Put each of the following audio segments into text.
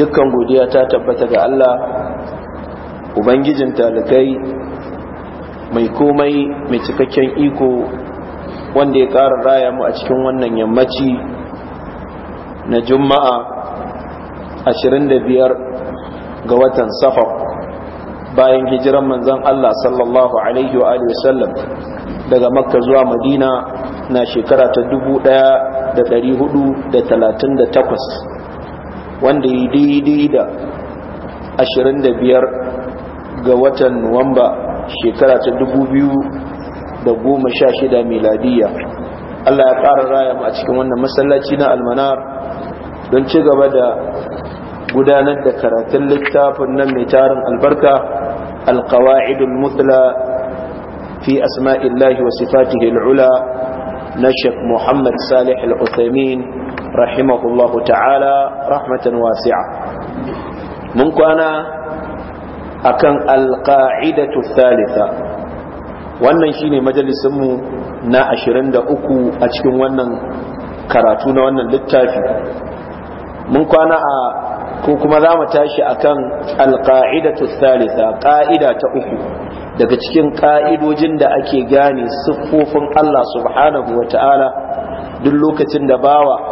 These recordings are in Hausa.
dukkan godiya ta tabbata ga Allah ubangijin talakai, mai komai mai cikakken iko wanda ya ƙara raya mu a cikin wannan yammaci na juma'a 25 ga watan safa bayan hijiran manzon Allah sallallahu alaihi wa alihi wasallam daga makka zuwa madina na shekara ta 1438 wanda yi daidai da 25 ga watan nuwamba shekara ta 2016 miladiya Allah ya ƙara raya mu a cikin wannan masallaci na almanar don ci gaba da gudanar da karatun littafin nan mai tarin albarka alkawa'idul mutla fi asma'illahi wa sifatihi al'ula na shek muhammad salih al'uthaimin rahimahullahu ta'ala rahmatan wasi'a mun kwana akan alqa'idatu thalitha wannan shine majalisin mu na 23 a cikin wannan karatu na wannan littafi mun kwana a ko kuma za mu tashi akan alqa'idatu thalitha ƙa'ida ta uku daga cikin ƙa'idojin da ake gane siffofin Allah subhanahu wa ta'ala duk lokacin da bawa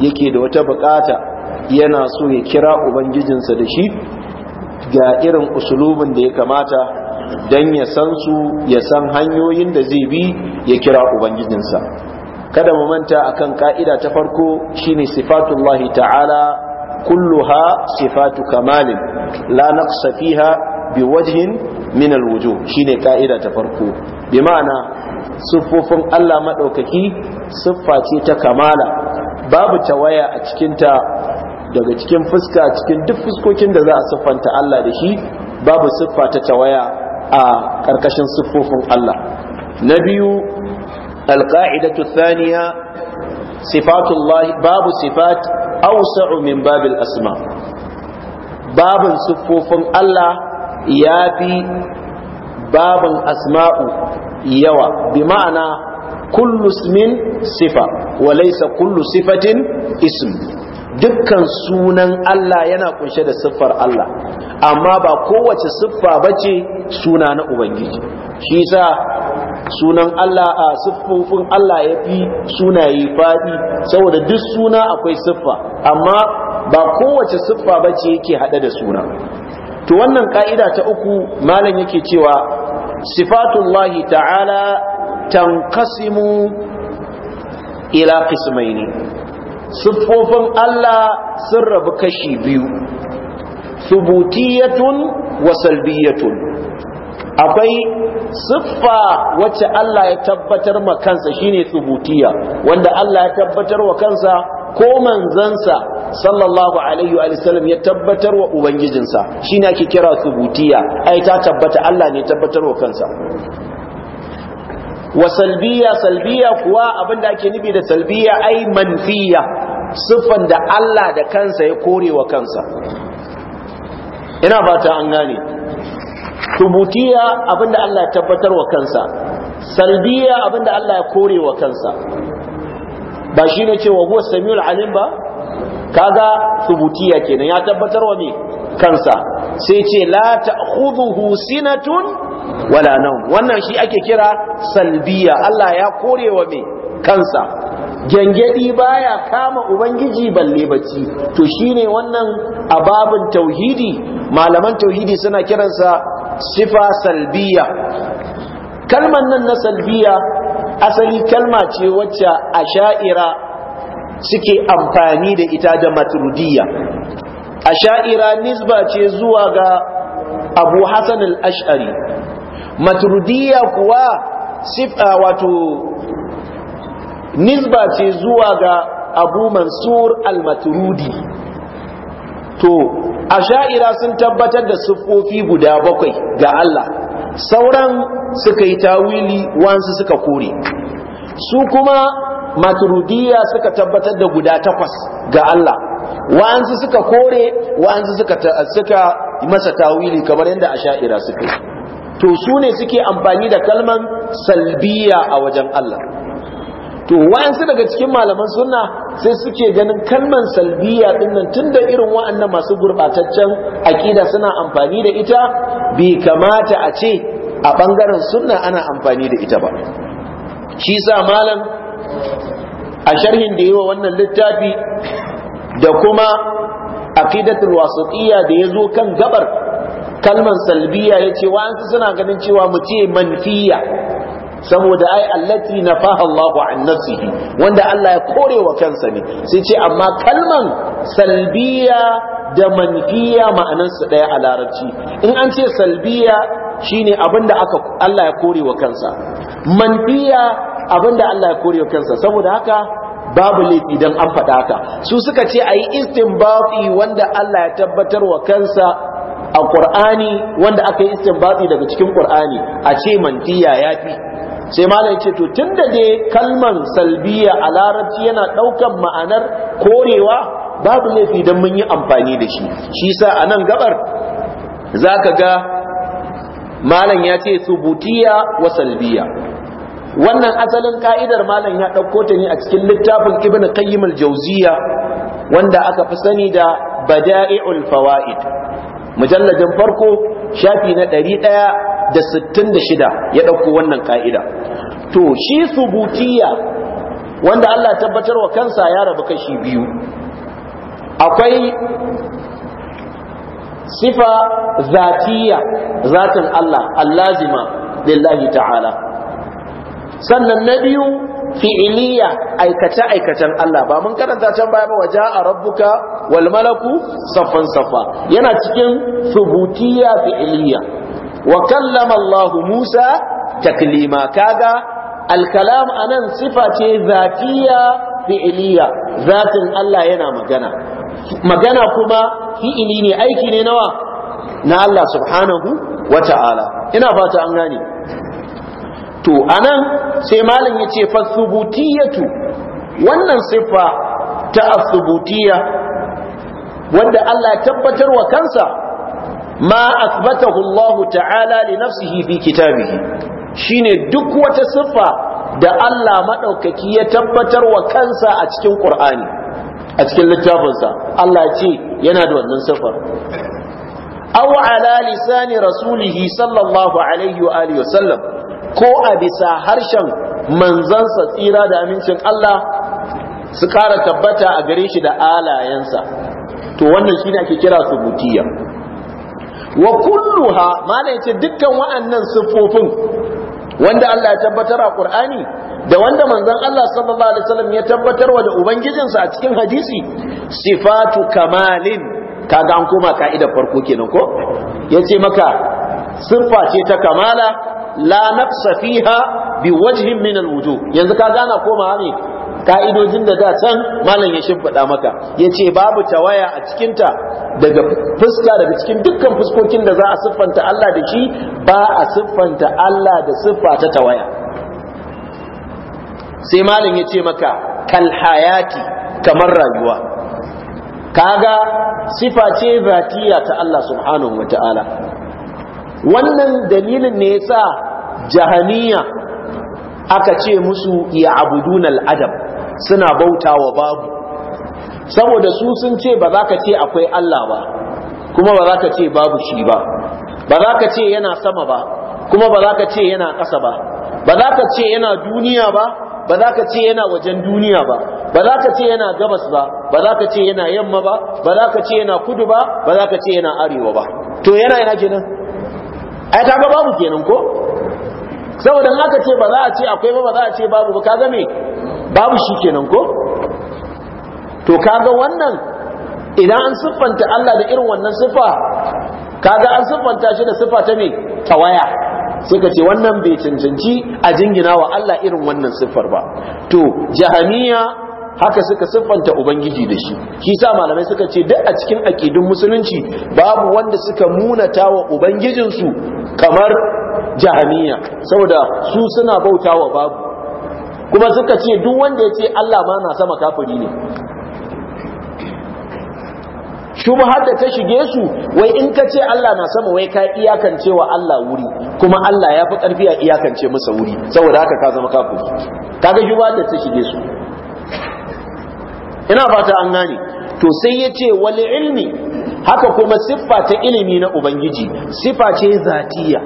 yake da wata bukata yana so ya kira ubangijinsa da shi ga irin usulubin da ya kamata don ya san su ya san hanyoyin da zai bi ya kira ubangijinsa kada mu manta akan ka'ida ta farko shine sifatullahi ta'ala kulluha sifatu kamalin la naqsa fiha biwajhin min alwujuh shine ka'ida ta farko bi ma'ana siffofin Allah maɗaukaki siffa ta kamala babu tawaya a cikinta daga cikin fuska cikin duk fuskokin da za a siffanta Allah da shi babu siffa ta tawaya a ƙarƙashin siffofin Allah na biyu alƙa'idatu thaniya sifatullah babu sifat awsa'u min babil asma babin siffofin Allah ya fi babin asma'u yawa bi ma'ana kullu ismin sifa wa laysa kullu sifatin ism dukkan sunan Allah yana kunshe da siffar Allah amma ba kowace siffa bace suna na ubangiji shi yasa sunan Allah a siffofin Allah ya fi sunaye fadi saboda duk suna akwai siffa amma ba kowace siffa bace yake hada da suna to wannan ka'ida ta uku malam yake cewa sifatullahi ta'ala tanqasimu ila qismaini siffofin Allah sun rabu kashi biyu subutiyatun wa salbiyatun akwai siffa wacce Allah ya tabbatar ma kansa shine subutiya wanda Allah ya tabbatar wa kansa ko manzansa sallallahu alaihi wa sallam ya tabbatar wa ubangijinsa shine ake kira subutiya ai ta tabbata Allah ne tabbatar wa kansa wa salbiya salbiya kuwa abinda ake nufi da salbiya ai manfiya siffan da Allah da kansa ya kore wa kansa ina fata an gane tubutiya abinda Allah ya tabbatar wa kansa salbiya abinda Allah ya kore wa kansa ba shi ne cewa huwa samiul alim ba kaga tubutiya kenan ya tabbatar wa me kansa sai ce la ta'khudhuhu sinatun wala nan. wannan shi ake kira salbiya Allah ya korewa mai kansa gengedi baya kama ubangiji balle bacci to shine wannan ababin tauhidi malaman tauhidi suna kiransa sifa salbiya kalman nan na salbiya asali kalma ce wacce a sha'ira suke amfani da ita da maturidiyya asha'ira nisba ce zuwa ga abu hasan al-ash'ari maturidiyya kuwa sifa wato nisba ce zuwa ga abu mansur al-maturidi to asha'ira sun tabbatar da siffofi guda bakwai ga Allah sauran suka yi tawili wansu suka kore su kuma maturidiyya suka tabbatar da guda takwas ga Allah wa'ansu suka kore wa'ansu suka suka masa tawili kamar yadda asha'ira suka to su ne suke amfani da kalman salbiya a wajen Allah to wa'ansu daga cikin malaman sunna sai suke ganin kalman salbiya din nan tunda irin wa'annan masu gurbataccen aƙida suna amfani da ita bai kamata a ce a bangaren sunna ana amfani da ita ba shi sa malam a sharhin da yawa wannan littafi da kuma aqidatul wasatiyya da yazo kan gabar kalman salbiya yace wa an suna ganin cewa mu ce manfiya saboda ai allati nafaha Allah an nafsihi wanda Allah ya kore wa kansa ne sai ce amma kalman salbiya da manfiya ma'anansu ɗaya a larabci in an ce salbiya shine abinda aka Allah ya kore wa kansa manfiya abinda Allah ya kore wa kansa saboda haka babu laifi dan an faɗa ka su suka ce a yi istinbati wanda Allah ya tabbatar wa kansa a Qur'ani wanda aka yi istinbati daga cikin Qur'ani a ce mantiya ya yafi sai malam ce to tun da dai kalman salbiya a larabci yana ɗaukan ma'anar korewa babu laifi dan mun yi amfani da shi shi sa a nan gabar zaka ga malam ya ce subutiya wa salbiya wannan asalin ka'idar malam ya ɗauko ta ne a cikin littafin ibn qayyim al-jawziya wanda aka fi sani da bada'i'ul fawaid mujalladin farko shafi na 166 ya ɗauko wannan ka'ida to shi subutiya wanda Allah tabbatar wa kansa ya rabu kashi biyu akwai sifa zatiya zatin Allah allazima lillahi ta'ala sannan na biyu fi'iliya aikace aikacen Allah ba mun karanta can baya ba waje a rabbuka wal malaku saffan saffa yana cikin subutiya fi'iliya wa kallama Allah Musa taklima kaga al kalam anan sifa ce zatiya fi'iliya zatin Allah yana magana magana kuma fi'ili ne aiki ne nawa na Allah subhanahu wa ta'ala ina fata an gane to anan sai malam ya ce fasubutiyatu wannan siffa ta asubutiya wanda Allah ya tabbatar wa kansa ma asbatahu Allah ta'ala li nafsihi fi kitabihi shine duk wata siffa da Allah madaukaki ya tabbatar wa kansa a cikin Qur'ani a cikin littafinsa Allah ya ce yana da wannan siffar aw ala lisani rasulihi sallallahu alaihi wa alihi wa sallam ko a bisa harshen manzansa tsira da amincin Allah su ƙara tabbata a gare shi da alayensa to wannan shi ake kira subutiyya wa kulluha malam yace dukkan wa'annan sufofin wanda Allah ya tabbatar a Qur'ani da wanda manzon Allah sallallahu alaihi wasallam ya tabbatar wa da ubangijinsa a cikin hadisi sifatu kamalin kaga an koma ka'idar farko kenan ko yace maka siffa ce ta kamala la safiha fiha bi wajhin min alwujuh yanzu ka gana koma ne ka'idojin da da can malam ya shimfiɗa maka yace babu tawaya a cikin ta daga fuska daga cikin dukkan fuskokin da za a siffanta Allah da shi ba a siffanta Allah da siffa ta tawaya sai malam yace maka kal hayati kamar rayuwa kaga sifa ce zatiya ta Allah subhanahu wataala wannan dalilin ne yasa jahaniya aka ce musu ya abudunal adam suna bauta wa babu saboda su sun ce ba za ka ce akwai Allah ba kuma ba za ka ce babu shi ba ba za ka ce yana sama ba kuma ba za ka ce yana ƙasa ba ba za ka ce yana duniya ba ba za ka ce yana wajen duniya ba ba za ka ce yana gabas ba ba za ka ce yana yamma ba ba za ka ce yana kudu ba ba za ka ce yana arewa ba to yana yana kenan ai kaga babu kenan ko saboda aka ce ba za a ce akwai ba ba za a ce babu ba kaga me babu shikenan ko to kaga wannan idan an siffanta Allah da irin wannan siffa kaga an siffanta shi da siffa ta me tawaya suka ce wannan bai cancanci a jingina wa Allah irin wannan siffar ba to jahaniya haka suka siffanta ubangiji da shi shi sa malamai suka ce duk a cikin akidun musulunci babu wanda suka munata wa ubangijinsu kamar jahaniya saboda su suna bauta wa babu kuma suka ce duk wanda ya ce Allah ma na sama kafiri ne shubhar da ta shige su wai in ka ce Allah na sama wai ka iyakance wa Allah wuri kuma Allah ya fi ƙarfi a iyakance masa wuri saboda haka ka zama kafiri kaga shubhar da ta shige su ina fata an gane to sai ya ce wal ilmi haka kuma siffa ta ilimi na ubangiji siffa ce zatiya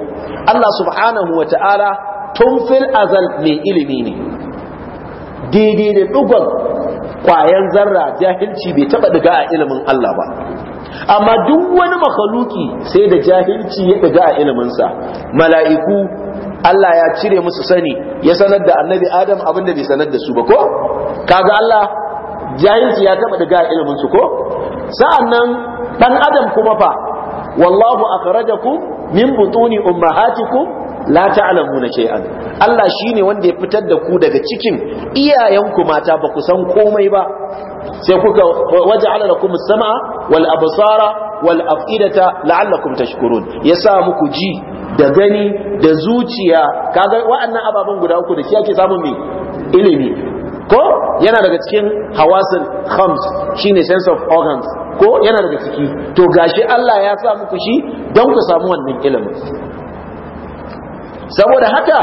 Allah subhanahu wa ta'ala tun fil azal mai ilimi ne daidai da dugon kwayan zarra jahilci bai taba ɗiga a ilimin Allah ba amma duk wani makhaluki sai da jahilci ya daga a iliminsa mala'iku Allah ya cire musu sani ya sanar da annabi Adam abinda bai sanar da su ba ko kaga Allah jahilci ya taba ɗiga a iliminsu ko sa'annan dan adam kuma fa wallahu akhrajakum min butuni ummahatikum la ta'lamuna shay'an Allah shine wanda ya fitar da ku daga cikin iyayenku mata ba ku san komai ba sai kuka waja'ala lakum as-sam'a wal absara wal af'idata la'allakum tashkurun yasa muku ji da gani da zuciya kaga wa'annan ababen guda uku da shi ake samun me ilimi ko yana daga cikin hawasin khams shine sense of organs ko yana daga ciki to gashi Allah ya sa muku shi don ku samu wannan ilimin saboda haka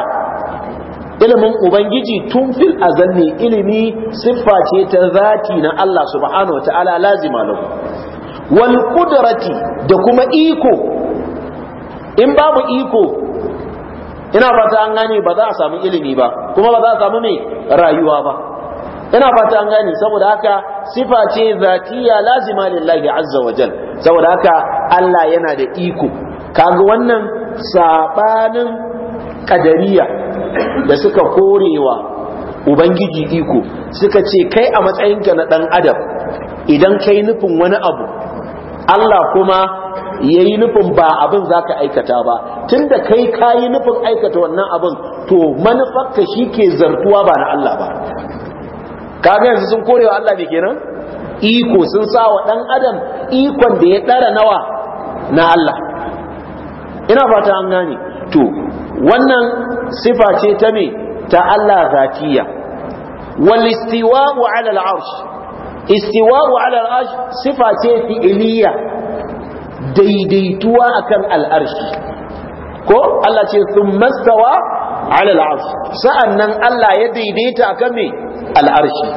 ilimin ubangiji tun fil azanni ilimi siffa ce ta zati na Allah subhanahu wataala lazima lahu wal qudrati da kuma iko in babu iko ina fata an gane ba za a samu ilimi ba kuma ba za a samu mai rayuwa ba ina fata an gane saboda haka sifa ce zatiya lazima lillahi azza wa jal saboda haka Allah yana da iko kaga wannan sabanin kadariya da suka korewa ubangiji iko suka ce kai a matsayinka na dan adam idan kai nufin wani abu Allah kuma yayi nufin ba abin za aikata ba tunda kai ka nufin aikata wannan abin to manufarka shi ke zartuwa ba na Allah ba kaga yanzu sun korewa Allah ne kenan iko sun sa wa dan adam ikon da ya dara nawa na Allah ina fata an gane to wannan sifa ce ta me ta Allah zatiya wal istiwa'u 'ala al-'arsh istiwa'u 'ala al-'arsh sifa ce fi'liya daidaituwa akan al-'arsh ko Allah ce thumma stawa alal arsh sa'annan Allah ya daidaita akan me al arshi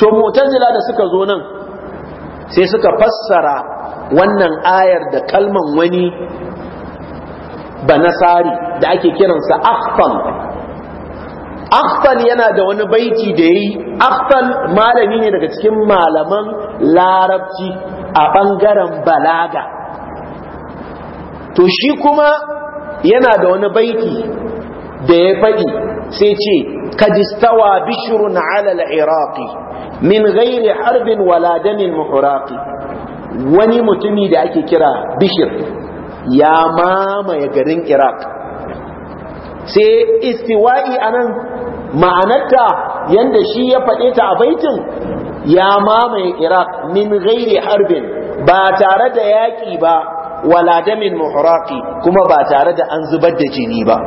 to mu'tazila da suka zo nan sai suka fassara wannan ayar da kalman wani banasari da ake kiransa akhfal akhfal yana da wani baiti da yayi akhfal malami ne daga cikin malaman larabci a bangaren balaga to shi kuma yana da wani baiti da ya faɗi sai ce kadistawa bishirun alal iraqi min ghairi harbin wala damin muhraqi wani mutumi da ake kira bishir ya mamaye garin iraq sai istiwa'i anan ma'anarta yanda shi ya faɗe ta a baitin ya mamaye iraq min ghairi harbin ba tare da yaƙi ba wala damin muhraqi kuma ba tare da an zubar da jini ba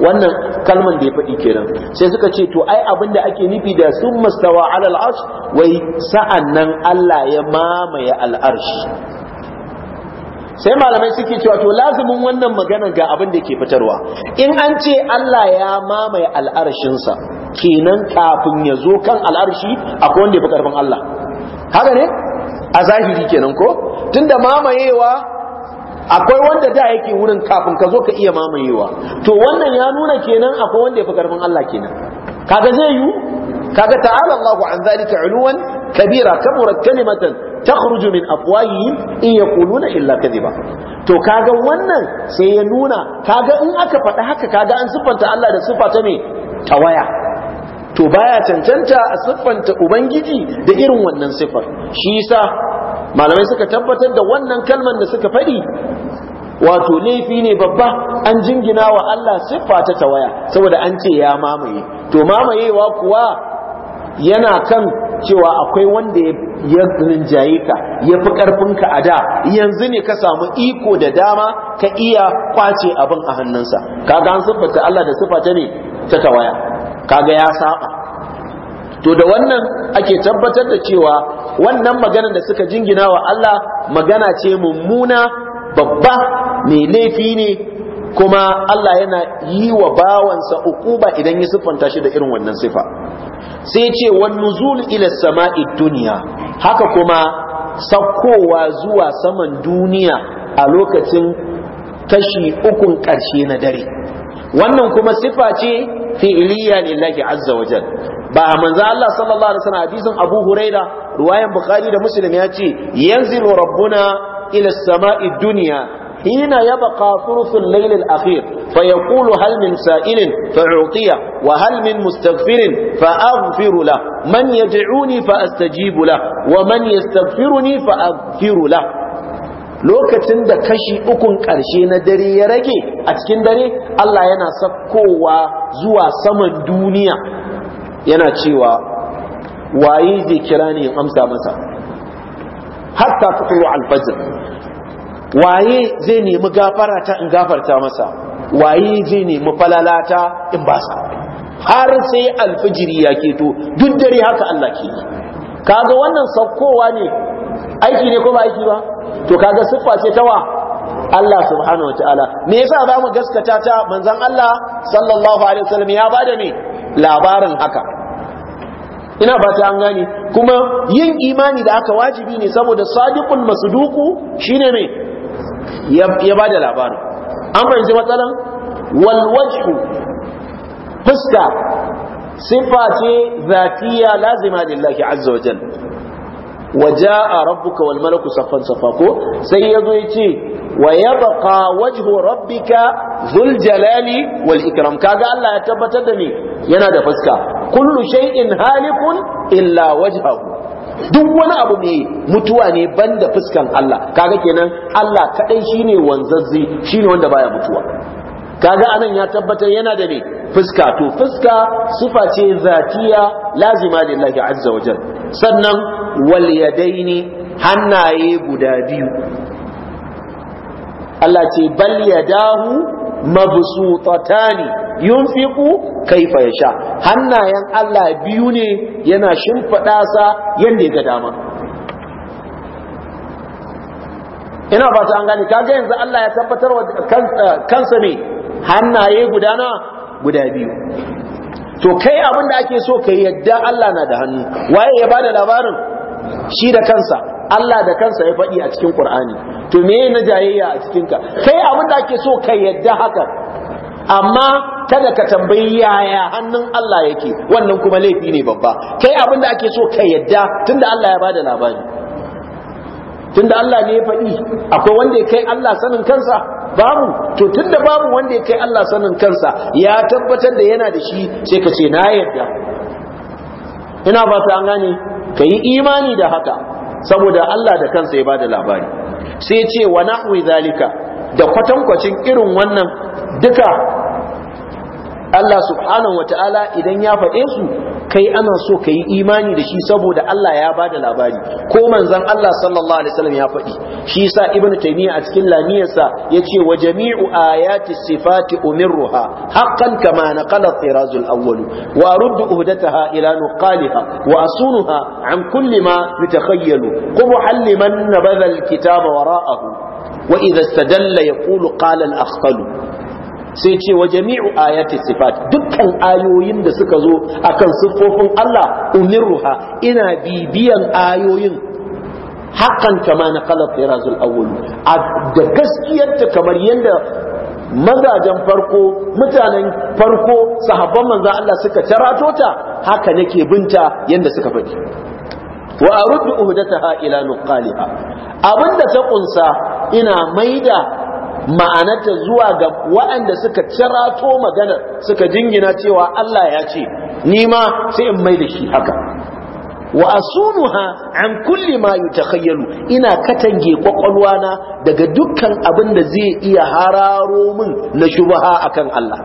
wannan kalman da ya faɗi kenan sai suka ce to ai abin da ake nufi da sun mastawa alal al'arsh wai sa'an nan Allah ya mamaye al'arsh sai malamai suke cewa to lazumin wannan maganar ga abin da ke fitarwa in an ce Allah ya mamaye al'arshinsa kenan kafin ya zo kan al'arshi akwai wanda ya fi karfin Allah haka ne a zahiri kenan ko tunda mamayewa akwai wanda da yake wurin kafin ka zo ka iya mamayewa to wannan ya nuna kenan akwai wanda ya fi karfin Allah kenan kaga zai yu kaga ta'ala Allahu an zalika uluwan kabira kamura kalimatan takhruju min afwahihim in yaquluna illa kadhiba to kaga wannan sai ya nuna kaga in aka faɗi haka kaga an siffanta Allah da siffa ta me tawaya to baya cancanta a siffanta ubangiji da irin wannan siffar shi yasa malamai suka tabbatar da wannan kalman da suka faɗi wato laifi ne babba an jingina wa Allah siffa ta tawaya saboda an ce ya mamaye to mamayewa kuwa yana kan cewa akwai wanda ya rinjaye ka ya fi ƙarfinka a da yanzu ne ka samu iko da dama ka iya kwace abin a hannunsa kaga an siffata Allah da siffa ta ne ta tawaya kaga ya saba to da wannan ake tabbatar da cewa wannan maganar da suka jingina wa Allah magana ce mummuna babba mai laifi ne kuma Allah yana yi wa bawansa ukuba idan ya siffanta shi da irin wannan sifa sai ce wan nuzul ila sama'i dunya haka kuma saukowa zuwa saman duniya a lokacin kashi ukun ƙarshe na dare wannan kuma sifa ce fi'iliya lillahi azza wajal ba a manzo Allah sallallahu alaihi wasallam hadisin Abu Huraira riwayan Bukhari da Muslim ya ce yanzilu rabbuna ila as-sama'i dunya hina yabqa thuluthul layl al-akhir fa yaqulu hal min sa'ilin fa wa halin min mustaghfirin man yad'uni fa astajibu wa man yastaghfiruni fa aghfiru lokacin da kashi ukun ƙarshe na dare ya rage a cikin dare Allah yana sakkowa zuwa saman duniya yana cewa waye zai kira ni in amsa masa hatta ta al-fajr waye zai nemi gafara ta in gafarta masa waye zai nemi falalata in ba sa har sai alfijiri ya keto duk dare haka Allah ke yi kaga wannan saukowa ne aiki ne ko ba aiki ba to kaga siffa ce ta wa Allah subhanahu wataala me yasa za mu gaskata ta manzon Allah sallallahu alaihi wasallam ya bada ne labarin haka ina ba ta an gane kuma yin imani da aka wajibi ne saboda sadiqul masduqu shine ne ya ba da labarin an fahimci matsalan wal wajhu fuska sifa zatiya lazima lillahi azza wa jalla waja a rabbuka wal malaku saffan safa ko sai yazo yace wa yabqa wajhu rabbika dhul jalali wal ikram kaga Allah ya tabbatar da ni yana da fuska kullu shay'in halikun illa wajhahu duk wani abu mai mutuwa ne banda fuskan Allah kaga kenan Allah kadai shine wanzazzi shine wanda baya mutuwa kaga anan ya tabbatar yana da ne fuska to fuska sifa ce zatiya lazima lillahi azza wajal sannan wal yadaini hannaye guda biyu Allah ce bal yadahu mabsutatani yunfiqu kaifa yasha hannayen Allah biyu ne yana shimfida sa yanda ya ga dama ina ta an gani kage yanzu Allah ya tabbatar wa kansa ne hannaye guda na guda biyu to kai abin da ake so ka yadda Allah na da hannu waye ya bada labarin shi da kansa Allah da kansa ya faɗi a cikin Qur'ani to me na jayayya a cikin ka kai abin da ake so ka yadda haka amma kada ka tambayi yaya hannun Allah yake wannan kuma laifi ne babba kai abin da ake so ka yadda tunda Allah ya bada labari tunda Allah ne ya faɗi akwai wanda ya kai Allah sanin kansa babu to tunda babu wanda ya kai Allah sanin kansa ya tabbatar da yana da shi sai ka ce na yadda ina ba ta an gane ka yi imani da haka saboda Allah da kansa ya ba da labari sai ce wa nahwi zalika da kwatankwacin irin wannan duka Allah subhanahu wataala idan ya faɗe su kai ana so ka yi imani da shi saboda Allah ya ba da labari ko manzon Allah sallallahu alaihi wasallam ya faɗi shi yasa ibn taymiya a cikin ya ce wa jami'u ayati sifati umirruha haqqan kama naqala tirazul awwal wa aruddu uhdataha ila nuqaliha wa asunuha an kulli ma yutakhayyalu qubhan liman nabadha alkitaba wara'ahu wa idha istadalla yaqulu qala al-akhtalu sai ce wa jami'u ayati sifat dukkan ayoyin da suka zo akan siffofin Allah umirruha ina bibiyan ayoyin hakan kama na qala firazul awwal da gaskiyarta kamar yadda mazajen farko mutanen farko sahabban manzo Allah suka tarato ta haka nake binta yadda suka faɗi wa aruddu uhdataha ila nuqaliha abinda ta kunsa ina maida ma'anarta zuwa ga waɗanda suka cirato maganar suka jingina cewa Allah ya ce ni ma sai in mai da shi haka wa asumuha an kulli ma yutakhayyalu ina katange kwakwalwana daga dukkan abin da zai iya hararo min na shubha akan Allah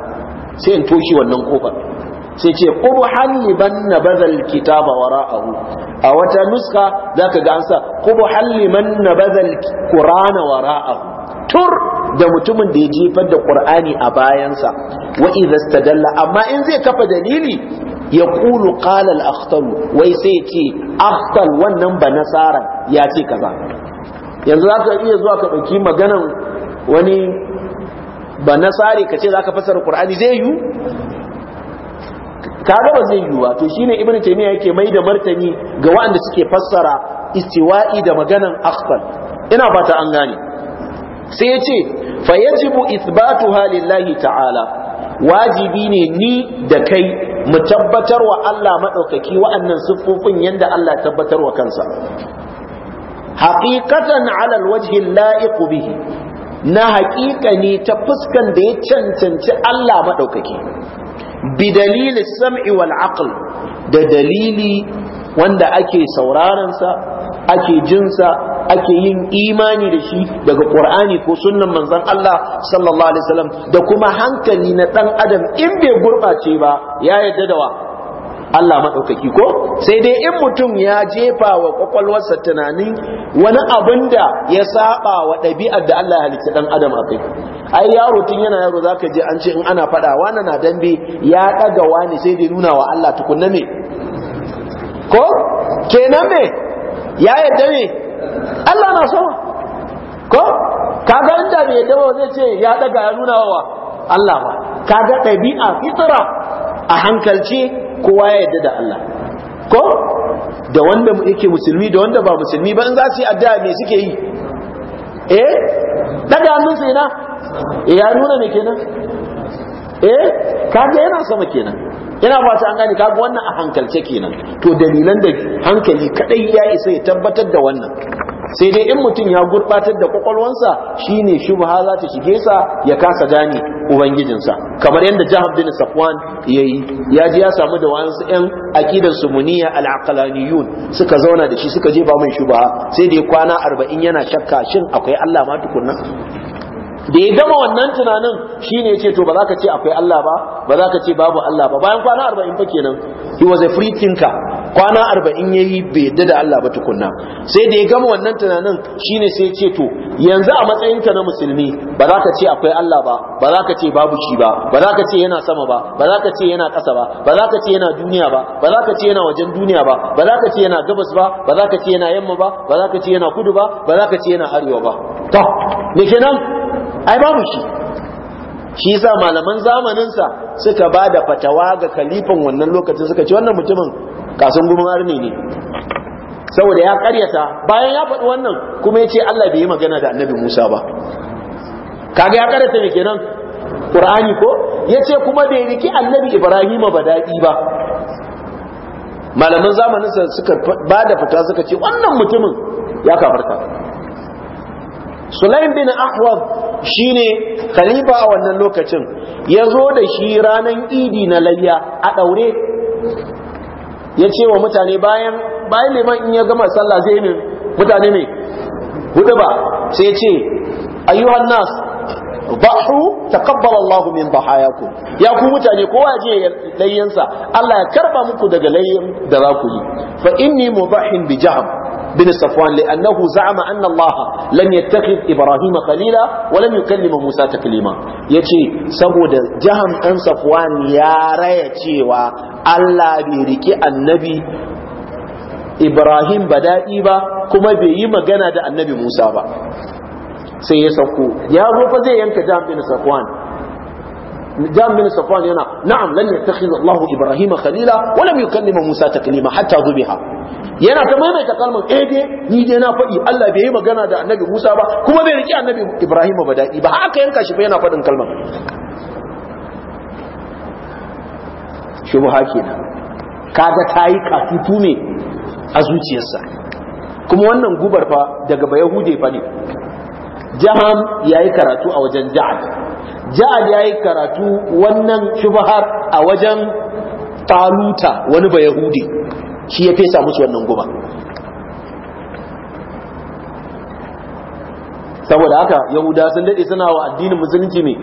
sai in toshi wannan kofar sai ce halli liban nabadha kitaba wara'ahu a wata nuska zaka ga an sa halli man nabadha qur'ana wara'ahu tur da mutumin da ya jefar da qur'ani a bayansa wa idza stadalla amma in zai kafa dalili ya kulu qala al wai sai ce akhtar wannan ba nasara ya ce kaza yanzu za ka iya zuwa ka dauki maganan wani ba nasari ka ce za ka fasara qur'ani zai yi kaga ba zai ba to shine ibnu taymiya yake mai da martani ga waɗanda suke fassara istiwa'i da maganan akhtar ina fata an gane sai ya ce fa yajibu ithbatuha ta'ala wajibi ne ni da kai mu tabbatar wa Allah maɗaukaki wa'annan siffofin yanda Allah tabbatar wa kansa Haƙiƙatan ala wajhin laiƙu bihi na haƙiƙa ne ta fuskan da ya cancanci Allah maɗaukaki. bi dalilin sam'i wal aql da dalili wanda ake sauraron ake jinsa ake yin imani da shi daga Qur'ani ko sunnan manzon Allah sallallahu alaihi wasallam da kuma hankali na dan adam in bai gurbace ba ya yadda da wa Allah maɗaukaki ko sai dai in mutum ya jefa wa kwakwalwarsa tunanin wani abin da ya saba wa ɗabi'ar da Allah ya halitta dan adam a kai ai yaro tun yana yaro zaka je an ce in ana faɗawa wani na dambe ya ɗaga wani sai dai nuna wa Allah tukunna ne ko kenan me ya yadda me Allah na sama ko kaga inda bai yadda ba zai ce ya daga ya nuna wa Allah ba kaga ɗabi'a fitra a hankalce kowa ya yadda da Allah ko da wanda yake musulmi da wanda ba musulmi ba in za su yi addu'a me suke yi eh daga su ina eh, ya nuna me kenan eh kaga yana sama kenan yana ta an gane kaga wannan a hankalce kenan to dalilan da hankali kadai ya isa ya tabbatar da wannan sai dai in mutum ya gurbatar da kwakwalwansa shine shubha za ta shige sa ya kasa gani ubangijinsa kamar yadda jahab bin safwan yi ya ji ya samu da wayansu yan aqidar sumuniya al-aqlaniyun suka zauna da shi suka je ba mai shubha sai dai kwana arba'in yana shakka shin akwai Allah ma tukunna da ya gama wannan tunanin shi ne ce to ba za ka ce akwai Allah ba ba za ka ce babu Allah ba bayan kwana arba'in fa kenan he was a free thinker kwana ya yayi bai yadda da Allah ba tukunna sai da ya gama wannan tunanin ne sai ya ce to yanzu a matsayin matsayinka na musulmi ba za ka ce akwai Allah ba ba za ka ce babu shi ba ba za ka ce yana sama ba ba za ka ce yana ƙasa ba ba za ka ce yana duniya ba ba za ka ce yana wajen duniya ba ba za ka ce yana gabas ba ba za ka ce yana yamma ba ba za ka ce yana kudu ba ba za ka ce yana arewa ba to me kenan ai babu shi shi yasa malaman zamaninsa suka ba da fatawa ga kalifan wannan lokacin suka ce wannan mutumin kasan gumin arni ne saboda ya karyata bayan ya faɗi wannan kuma ya ce Allah bai yi magana da annabi Musa ba kaga ya karyata ne kenan Qur'ani ko Ya ce kuma bai riki annabi Ibrahim ba daɗi ba malaman zamanin sa suka ba da fita suka ce wannan mutumin ya kafarta Sulaim bin Ahwad Shi ne khalifa a wannan lokacin ya zo da shi ranar idi na layya a daure ya ce wa mutane bayan bayan neman in ya gama sallah zai ne mutane ne hudu ba sai ce ayyuhan nas dahu taqabbala ba min ku. ya ku mutane kowa je layyansa Allah ya karba muku daga layyan da za ku yi fa inni mubahin bi jihar. bin Safwan li'annahu za'ama anna Allah lam yattakhid Ibrahim khalila wa lam yukallima Musa taklima yace saboda Jaham dan Safwan ya raya cewa Allah bai riki annabi Ibrahim bada'i ba kuma bai yi magana da annabi Musa ba sai ya sauko ya zo fa zai yanka Jaham bin Safwan جاب من صفوان هنا نعم لن يتخذ الله إبراهيم خليلا ولم يكلم موسى تكليما حتى yana ta maimaita kalmar eh ni dai na faɗi Allah bai yi magana da annabi Musa ba kuma bai riki annabi Ibrahim ba daɗi ba haka yanka shi fa yana faɗin kalmar shubha kenan kaga tayi katutu ne a zuciyarsa kuma wannan gubar fa daga bayahude fa ne jaham yayi karatu a wajen ja'ad ja'ad yayi karatu wannan shubhar a wajen taluta wani bayahude shi ya fesa musu wannan goma saboda haka yahuda sun daɗe suna wa addinin musulunci ne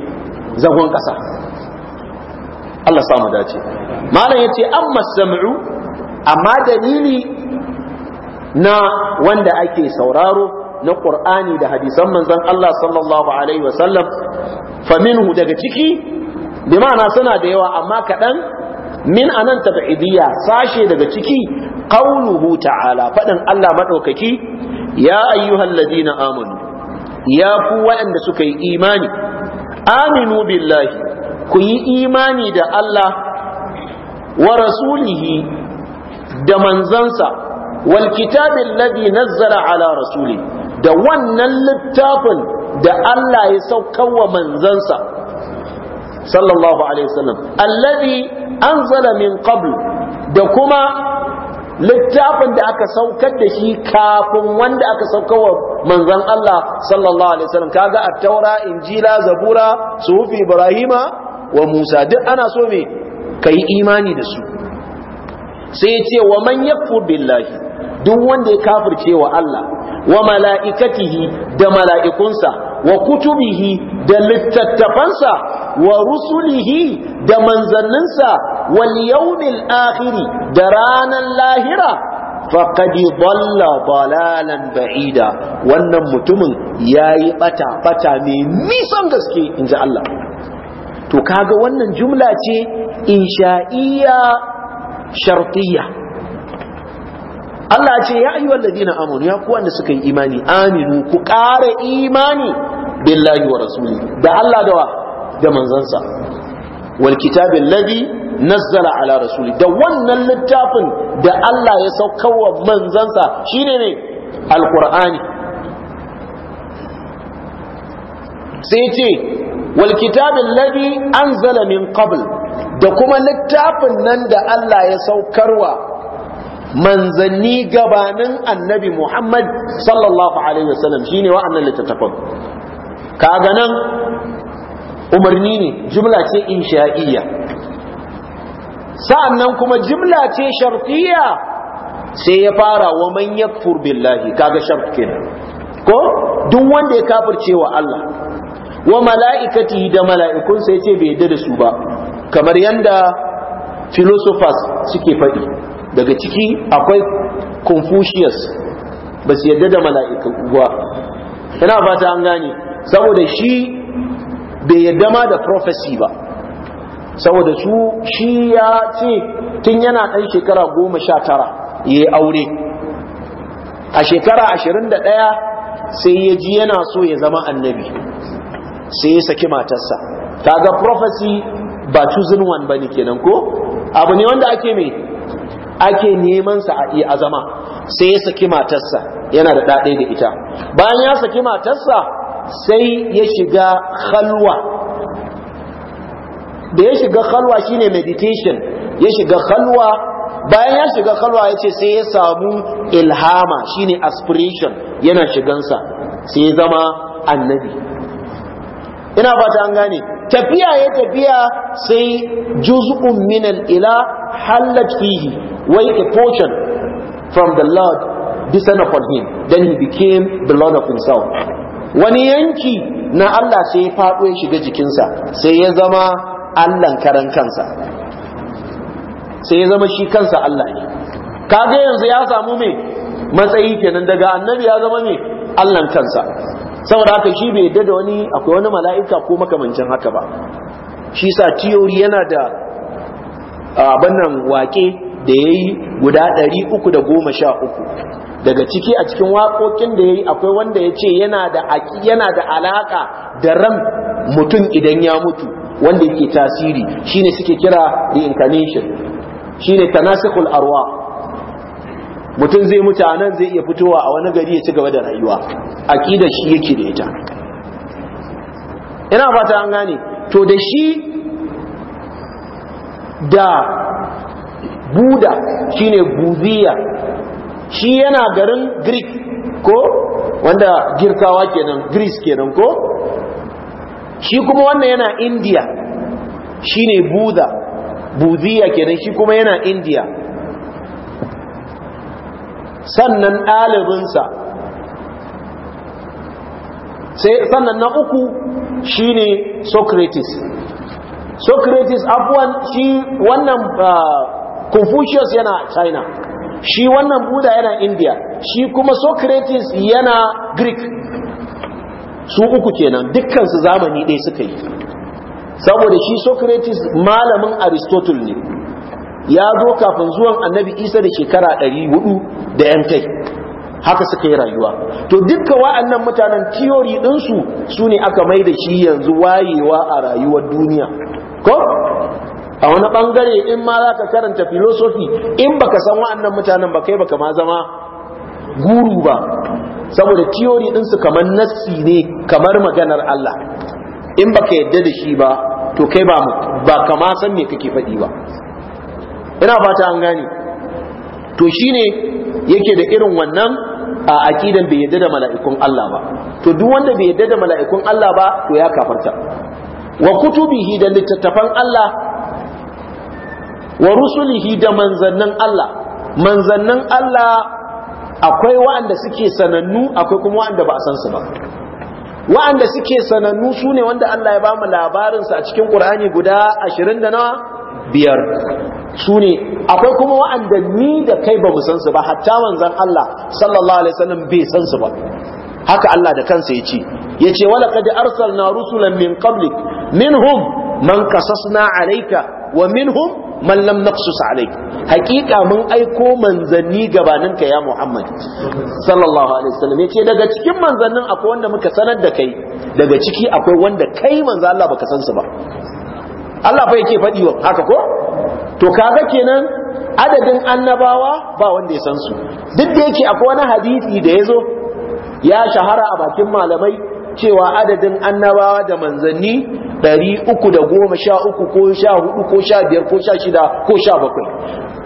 zagon ƙasa Allah samu dace malam yace amma sam'u amma dalili na wanda ake sauraro na Qur'ani da hadisan manzon Allah sallallahu alaihi wasallam faminhu daga ciki bi ma'ana suna da yawa amma kaɗan min anan tab'idiyya sashe daga ciki qauluhu ta'ala faɗin Allah madaukaki ya ayyuhalladhina amanu ya ku waɗanda suka yi imani aminu billahi ku yi imani da Allah wa rasulihi da manzansa wal kitabil ladhi nazzala ala rasuli da wannan littafin da Allah ya wa manzansa sallallahu alaihi wasallam allazi anzala min qabl da kuma littafin da aka saukar da shi kafin wanda aka wa manzon Allah sallallahu alaihi wasallam kaga at-taura injila zabura sufi ibrahima wa musa duk ana so me kai imani da su sai ya ce wa man yakfur billahi duk wanda ya kafirce wa Allah wa mala'ikatihi da mala'ikunsa wa kutubihi da littattafansa wa rusulihi da manzanninsa wal yawmil akhiri da ranan lahira faqad dalla dalalan ba'ida wannan mutumin yayi bata bata mai nisan gaske inji Allah to kaga wannan jumla ce insha'iyya shartiyya Allah ce ya ayyuhal ladina amanu ya ku wanda suka yi imani aminu ku ƙara imani billahi wa rasuli da Allah da wa da manzansa wal kitabin ladhi nazzala ala rasuli da wannan littafin da Allah ya saukarwa manzansa shine ne alqur'ani sai ce wal kitabin ladhi anzala min qabl da kuma littafin nan da Allah ya saukarwa manzanni gabanin annabi Muhammad sallallahu alaihi wasallam shine wa'annan littattafan kaga nan umarni ne jumla ce insha'iyya sa'annan kuma jumla ce shartiyya sai ya fara wa man yakfur billahi kaga shart kenan ko duk wanda ya kafirce wa Allah wa mala'ikati da mala'ikun sai ce bai yarda da su ba kamar yanda philosophers suke faɗi daga ciki akwai confucius ba su yarda da mala'iku ba ina fata an gane saboda shi bai yadda ma da prophecy ba saboda su shi ya ce tun yana ɗan shekara goma sha tara ya aure a shekara ashirin da ɗaya sai ya ji yana so ya zama annabi sai ya saki matarsa kaga prophecy ba chosen one ba ne kenan ko abu ne wanda ake me ake neman sa a zama sai ya saki matarsa yana da ɗaɗe da ita bayan ya saki matarsa sai ya shiga khalwa da ya shiga khalwa shine meditation ya shiga khalwa bayan ya shiga khalwa ya ce sai ya samu ilhama shine aspiration yana shigansa sai ya zama annabi ina fata an gane tafiya ya tafiya sai juz'un min al-ila halat fihi wai a portion from the Lord descended upon him then he became the Lord of himself wani yanki na Allah sai ya faɗo ya shiga jikinsa sai ya zama Allahn karan kansa sai ya zama shi kansa Allah ne kaga yanzu ya samu me matsayi kenan daga annabi ya zama me Allahn kansa saboda haka shi bai yadda da wani akwai wani mala'ika ko makamancin haka ba shi sa tiyori yana da abin nan wake da ya yi guda 313 daga ciki a cikin waƙoƙin da ya yi akwai wanda ya ce yana da yana da alaƙa da ran mutum idan ya mutu wanda yake tasiri shine suke kira reincarnation shine tanasukul arwa mutum zai mutu a nan zai iya fitowa a wani gari ya ci gaba da rayuwa da shi yake da ita ina fata an gane to da shi da buda shine buziya shi yana garin greek ko wanda girkawa kenan greece kenan ko shi kuma wannan yana india shi ne buddha buddhiya kenan shi kuma yana india sannan ɗalibinsa sannan na uku shi ne socrates socrates abuwan shi wannan ah, confucius yana china shi wannan buda yana india shi kuma socrates yana greek su uku kenan dukkansu zamani ɗaya suka yi saboda shi socrates malamin aristotle ne ya zo kafin zuwan annabi isa da shekara 400 da yan kai haka suka yi rayuwa to dukka wa'annan mutanen tiyori ɗinsu su ne aka mai da shi yanzu wayewa a rayuwar duniya ko a wani bangare in ma za ka karanta filosofi in baka san wa'annan mutanen ba kai baka ma zama guru ba saboda tiyori ɗinsu kamar nassi ne kamar maganar Allah in baka yadda da shi ba to kai ba ba kama san me kake faɗi ba ina fata an gane to shine yake da irin wannan a aqidan bai yadda da mala'ikun Allah ba to duk wanda bai yadda da mala'ikun Allah ba to ya kafarta wa kutubihi da littattafan Allah wa rusulihi da manzannin Allah manzannin Allah akwai wa'anda suke sanannu akwai kuma wa'anda ba a san su ba wa'anda suke sanannu su ne wanda Allah ya ba mu labarinsu a cikin Qur'ani guda ashirin da nawa biyar su ne akwai kuma wa'anda ni da kai ba mu san su ba hatta manzan Allah sallallahu alaihi wasallam bai san su ba haka Allah da kansa ya ce ya ce wala kad arsalna rusulan min qablik minhum man qasasna alayka wa minhum man lam naqsus alayk haqiqa mun aiko manzanni ka ya Muhammad sallallahu alaihi wasallam yace daga cikin manzannin akwai wanda muka sanar da kai daga ciki akwai wanda kai manzo Allah baka san su ba Allah fa yake faɗi wa haka ko to kaga kenan adadin annabawa ba wanda ya san su duk da yake akwai wani hadisi da yazo ya shahara a bakin malamai cewa adadin annabawa da manzanni 313 ko 14 ko 15 ko 16 ko 17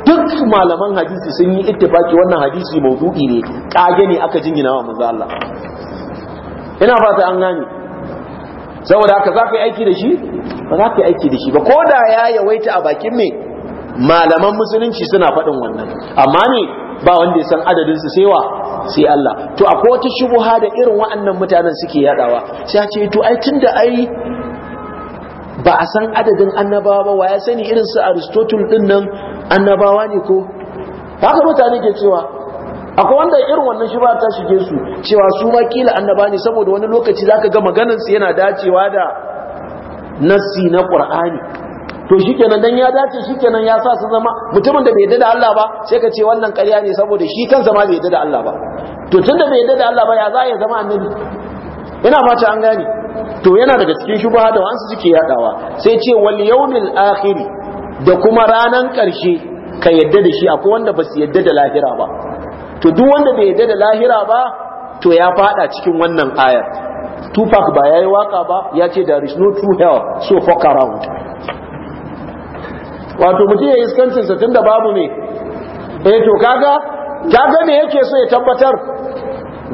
duk malaman hadisi sun yi ittifaki wannan hadisi mawdu'i ne kage ne aka jingina wa manzo Allah ina fata an gane saboda haka za yi aiki da shi ba za yi aiki da shi ba koda ya yawaita a bakin me malaman musulunci suna faɗin wannan amma ne ba wanda ya san adadin su sai wa sai Allah to akwai wata shubuha da irin waɗannan mutanen suke yadawa sai a ce to ai tunda ai ba a san adadin annabawa ba wa ya sani irin su Aristotle din nan annabawa ne ko haka mutane ke cewa akwai wanda irin wannan shi ba ta shige su cewa su ma kila annaba ne saboda wani lokaci zaka ga maganar su yana dacewa da nasi na Qur'ani to shikenan dan ya dace shikenan ya sa su zama mutumin da bai yadda da Allah ba sai ka ce wannan ƙarya ne saboda shi kansa ma bai yadda da Allah ba to tunda bai yadda da Allah ba ya za ya zama annabi ina fata an gane to yana daga cikin shubha da wasu suke yadawa sai ce wal yawmil akhir da kuma ranan ƙarshe ka yadda da shi akwai wanda ba su yadda da lahira ba to duk wanda bai yadda da lahira ba to ya fada cikin wannan ayar Tupac ba ya yi waka ba ya ce there is no true hell so fuck around wato mutum ya yi iskancin sa tunda babu ne eh to kaga kaga me yake so ya tabbatar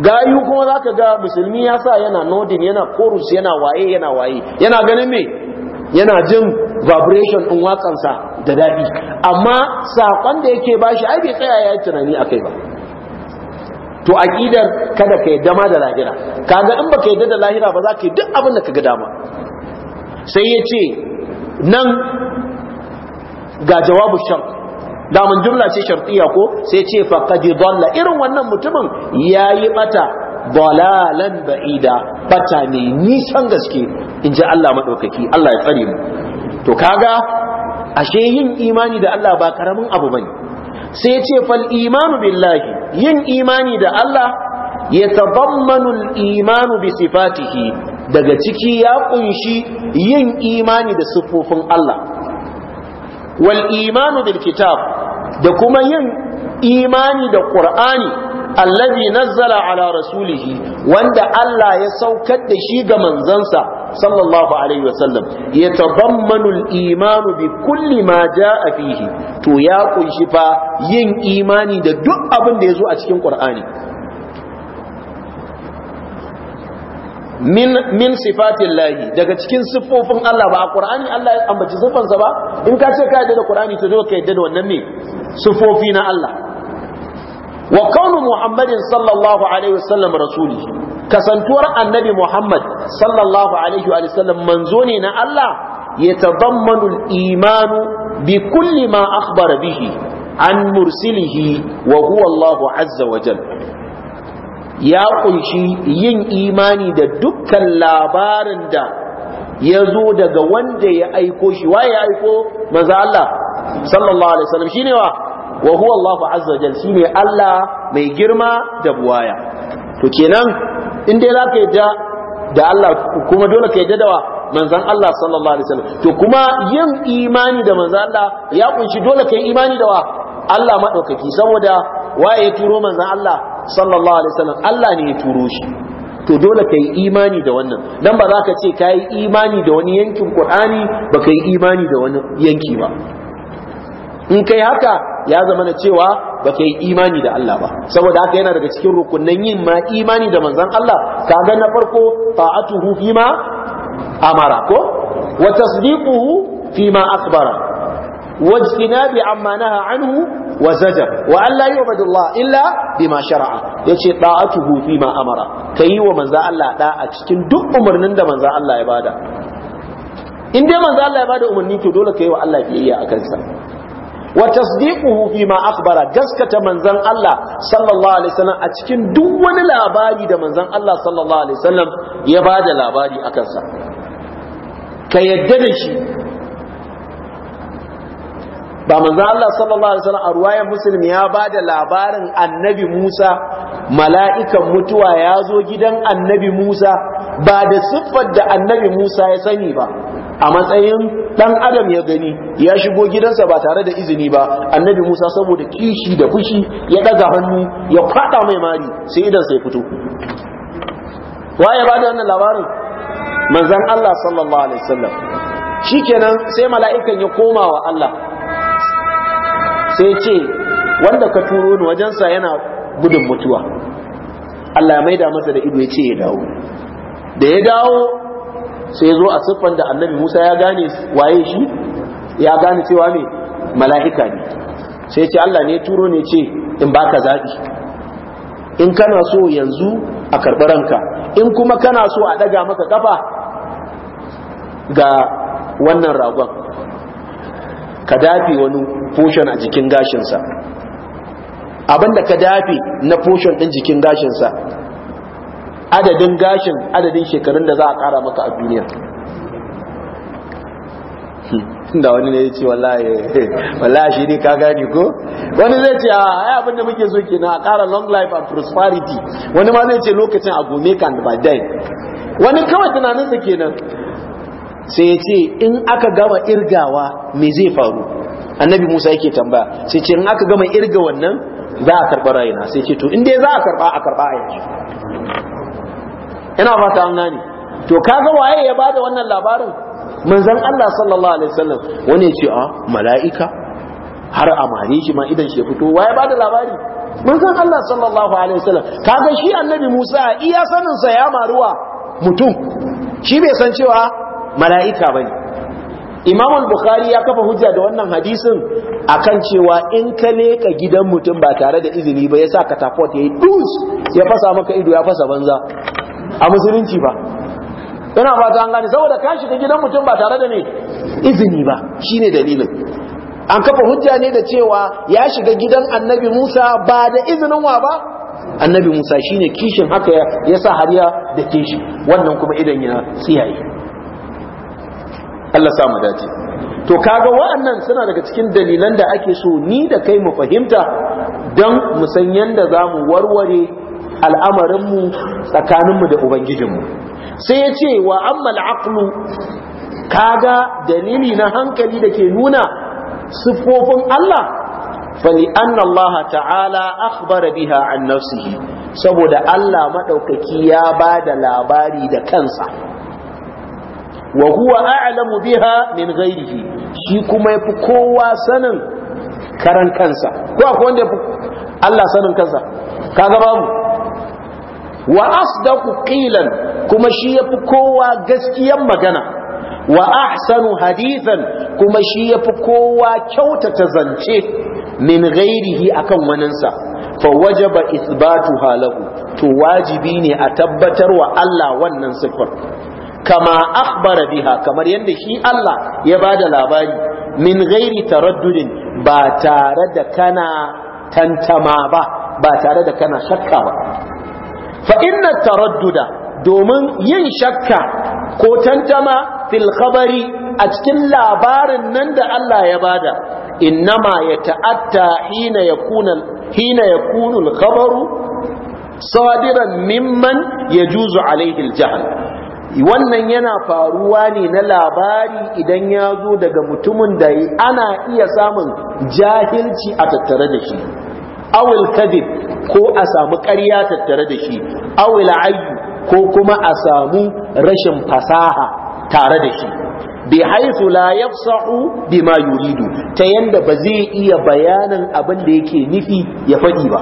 gayu kuma zaka ga musulmi ya sa yana nodding yana chorus yana waye yana waye yana ganin me yana jin vibration din sa da daɗi. amma saƙon da yake bashi ai bai tsaya ya yi tunani kai ba to aqidar kada ka yadda ma da lahira kaga in baka yadda da lahira ba za ka yi duk abin da ka ga dama sai ya ce nan ga jawabu shan. da mun jumla ce shartiya ko sai ce fa qad dalla irin wannan mutumin yayi bata dalalan ba'ida bata ne nisan gaske in ji Allah madaukaki Allah ya tsare mu to kaga ashe yin imani da Allah ba karamin abu bane sai ce fal imanu billahi yin imani da Allah ya tabammanu al-imanu bi sifatihi daga ciki ya kunshi yin imani da sifofin Allah wal imanu bil kitab da kuma yin imani da qur'ani allazi nazzala ala rasulihi wanda Allah ya saukar da shi ga manzansa sallallahu alaihi wasallam yatadammanu al-iman bi kulli ma jaa fihi to ya kunshi fa yin imani da duk abin da yazo a cikin qur'ani min min daga cikin siffofin Allah ba a Qur'ani Allah ya ambaci siffansa ba in ka ce ka yadda da Qur'ani to dole ka yadda da wannan ne siffofi na Allah wa kaunu Muhammadin sallallahu alaihi wasallam rasuli kasantuwar annabi Muhammad sallallahu alaihi wasallam manzo ne na Allah yatadammanu al-iman bi kulli ma akhbara bihi an mursilihi wa huwa Allah azza wa jalla ya kunshi yin imani da dukkan labarin da ya zo daga wanda ya aiko shi waye ya aiko maza Allah sallallahu alaihi wasallam shine wa wa huwa Allahu azza wajal shine Allah mai girma da buwaya to kenan in dai zaka yadda da Allah kuma dole ka yadda da wa manzon Allah sallallahu alaihi wasallam to kuma yin imani da manzon Allah ya kunshi dole ka yi imani da wa Allah madaukaki saboda waye ya turo manzon Allah sallallahu alaihi wasallam Allah ne ya turo shi to dole ka yi imani da wannan dan ba za ka ce ka yi imani da wani yankin Qur'ani ba ka yi imani da wani yanki ba in kai haka ya zama na cewa ba ka yi imani da Allah ba saboda haka yana daga cikin rukunnan yin ma imani da manzon Allah kaga na farko ta'atuhu fima amara ko wa tasdiquhu fima akhbara wajtinabi amma naha anhu wa zajar wa an la yu'badu Allah illa bima shar'a yace hufi ma amara ka yi wa manza Allah ɗa'a cikin duk umarnin da manza Allah ya bada in dai manzo Allah ya bada umarni to dole yi wa Allah biyayya akan sa wa hufi ma akhbara gaskata manzan Allah sallallahu alaihi wasallam a cikin duk wani labari da manzan Allah sallallahu alaihi wasallam ya bada labari akan sa ka yadda da shi ba manzo Allah sallallahu alaihi wasallam a ruwayar muslim ya bada labarin annabi Musa mala'ikan mutuwa ya zo gidan annabi Musa ba da siffar da annabi Musa ya sani ba a matsayin dan adam ya gani ya shigo gidansa ba tare da izini ba annabi Musa saboda kishi da fushi ya daga hannu ya kwada mai mari sai idan sai fito waye ba wannan labarin manzon Allah sallallahu alaihi wasallam shikenan sai mala'ikan ya koma wa Allah sai ce wanda ka turo ni wajensa yana gudun mutuwa Allah ya maida masa da ido ya ce ya dawo da ya dawo sai zo a siffan da annabi Musa ya gane waye shi ya gane cewa me mala'ika ne sai ce Allah ne ya turo ne ce in baka zabi in kana so yanzu a karɓi ranka in kuma kana so a ɗaga maka kafa ga wannan ragon ka dafi wani portion a jikin gashinsa abinda ka dafe na portion ɗin jikin gashinsa adadin gashin adadin shekarun da za a ƙara maka a duniya hmm. da wani ne ya ce wallahi shi ne ka gani ko wani zai ce a ah, haya abinda muke so ke na kara long life and prosperity wani ma zai ce lokacin a gome kan ba dai wani kawai tunaninsa kenan sai ya ce in aka gama irgawa me zai faru annabi Musa yake tambaya sai ce in aka gama irga wannan za a karɓa raina sai ce to in dai za a karɓa a karɓa a yanzu ina fata an gane to kaga waye ya bada wannan labarin manzon Allah sallallahu alaihi wasallam wani ya ce a ah, mala'ika har a mare shi ma idan shi fito waye bada labari manzon Allah sallallahu alaihi wasallam kaga shi annabi Musa iya sanin sa ya maruwa mutum shi bai san cewa mala'ika bane imam al-bukhari ya kafa hujja da wannan hadisin akan cewa in ka leka gidan mutum ba tare da izini ba yasa tafot yayi dus ya fasa maka ido ya fasa banza a musulunci ba ina fata an gane saboda ka shiga gidan mutum ba tare da ne izini ba shine dalilin an kafa hujja ne da cewa ya shiga gidan annabi Musa ba da izinin wa ba annabi Musa shine kishin haka yasa har ya dake shi wannan kuma idan ya tsiyaye Allah sa mu dace to kaga wa'annan suna daga cikin dalilan da ake so ni da kai mu fahimta don mu san yadda zamu mu warware al'amarinmu tsakaninmu da ubangijinmu sai ya ce wa amma al'aqlu kaga dalili na hankali da ke nuna siffofin Allah فلأن الله ta'ala أخبر بها عن saboda Allah maɗaukaki ya ba da labari da kansa wa huwa a'lamu biha min ghairihi shi kuma yafi kowa sanin karan kansa ko akwai wanda yafi Allah sanin kansa kaga babu wa asdaqu qilan kuma shi yafi kowa gaskiyan magana wa ahsanu hadithan kuma shi yafi kowa kyautata zance min ghairihi akan waninsa fa wajaba ithbatuha lahu to wajibi ne a tabbatar wa Allah wannan sifar kama akhbara biha kamar yadda shi Allah ya bada labari min ghairi taraddudin ba tare da kana tantama ba ba tare da kana shakka ba fa inna taradduda domin yin shakka ko tantama fil khabari a cikin labarin nan da Allah ya bada innama ya ta'atta hina yakuna hina yakunu al-khabaru sadiran mimman yajuzu alayhi al-jahl wannan yana faruwa ne na labari idan ya zo daga mutumin da ana iya samun jahilci a tattare da shi awil kadib ko a samu ƙarya tattare da shi awil ayyu ko kuma a samu rashin fasaha tare da shi bi haisu la yafsahu bima yuridu ta yanda ba zai iya bayanin abin da yake nufi ya faɗi ba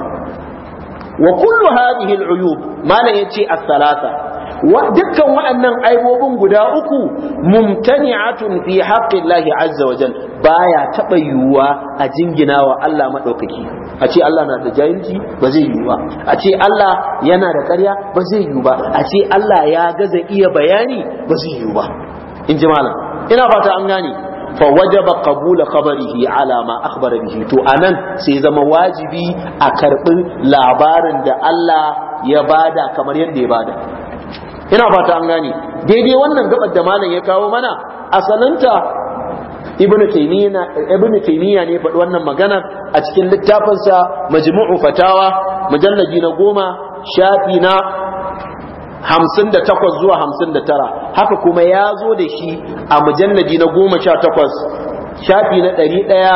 wa kullu hadhihi al-uyub malan yace as-salasa dukkan waɗannan aibobin guda uku mumtani'atun fi haqqillahi azza wa jal baya taba yiwuwa a jingina wa Allah madaukaki a ce Allah na da jayinci ba zai yiwu ba a ce Allah yana da ƙarya ba zai yiwu ba a ce Allah ya gaza iya bayani ba zai yiwu ba in ji malam ina fata an gane فوجب قبول خبره على ما أخبر به تو أنن سيزم واجبي أكرب لابارن دا الله يبادا yadda ya bada. ina fata an gane daidai wannan gabar da malam ya kawo mana asalinta sananta. ibn taymiya ne faɗi wannan magana a cikin littafinsa majmu'u fatawa mujallabi na goma shafi na hamsin da takwas zuwa hamsin da tara haka kuma ya zo da shi a mujallabi na goma sha takwas shafi na ɗari ɗaya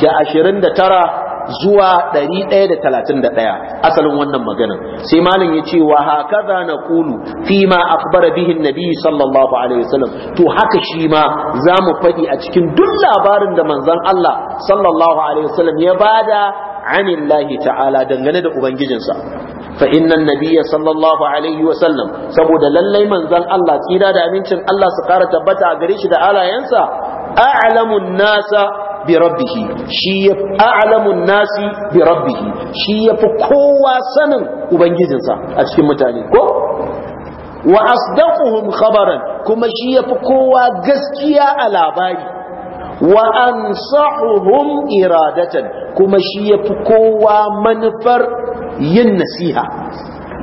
da ashirin da tara zuwa 131 asalin wannan magana sai malam ya ce wa haka za na kulu fi ma akbara bihin nabi sallallahu alaihi wasallam to haka shi ma za mu faɗi a cikin duk labarin da manzon Allah sallallahu alaihi wasallam ya bada عن الله ta'ala dangane da ubangijinsa fa innan nabiyya sallallahu alaihi wa sallam saboda lallai manzon Allah tsira da amincin Allah su kara tabbata a gare shi da alayansa a'lamun nasa bi rabbihi shi ya a'lamun nasi bi rabbihi shi yafi kowa sanin ubangijinsa a cikin mutane ko wa asdaquhum khabaran kuma shi yafi kowa gaskiya a labari wa ansahuhum iradatan kuma shi yafi kowa manufar yin nasiha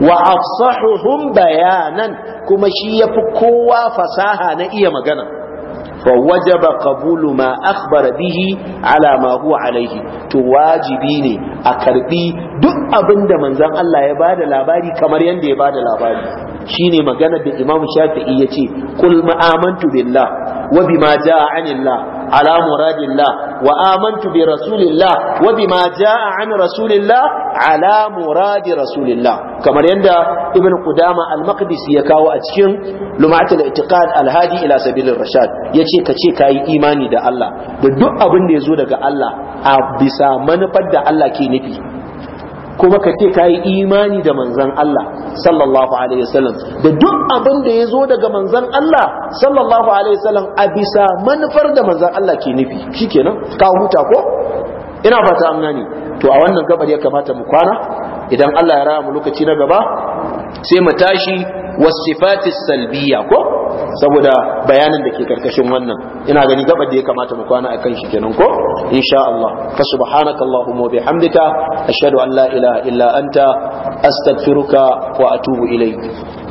wa afsahuhum bayanan kuma shi yafi kowa fasaha na iya magana Fa waje ba kabuluma Asmar bihi alama huwa alaihi tun wajibi ne a karɓi duk abinda manzon Allah ya bada labari kamar yadda ya bada labari. shine magana da Imam Shafi'i yace kul ma amantu billah wa bima jaa anillah ala muradillah wa amantu bi rasulillah wa bima jaa an rasulillah ala muradi rasulillah kamar yadda Ibn Qudama al-Maqdisi ya kawo a cikin Lumatul I'tiqad al-Hadi ila sabilir rashad yace kace kai imani da Allah da duk abin da yazo daga Allah a bisa manufar da Allah ke nufi kuma ka ce ka yi imani da manzan Allah sallallahu alaihi wasallam da duk abin da ya zo daga manzon Allah sallallahu alaihi wasallam a bisa manufar da manzon Allah ke nufi shikenan ka huta ko ina fata an gane to a wannan gabar ya kamata mu kwana idan Allah ya raya mu lokaci na gaba sai mu tashi wasifati salbiya ko saboda bayanin da ke karkashin wannan ina gani gaba da ya kamata mu kwana akan shi kenan ko insha Allah fa subhanaka allahumma bihamdika ashhadu an la ilaha illa anta astaghfiruka wa atubu ilayk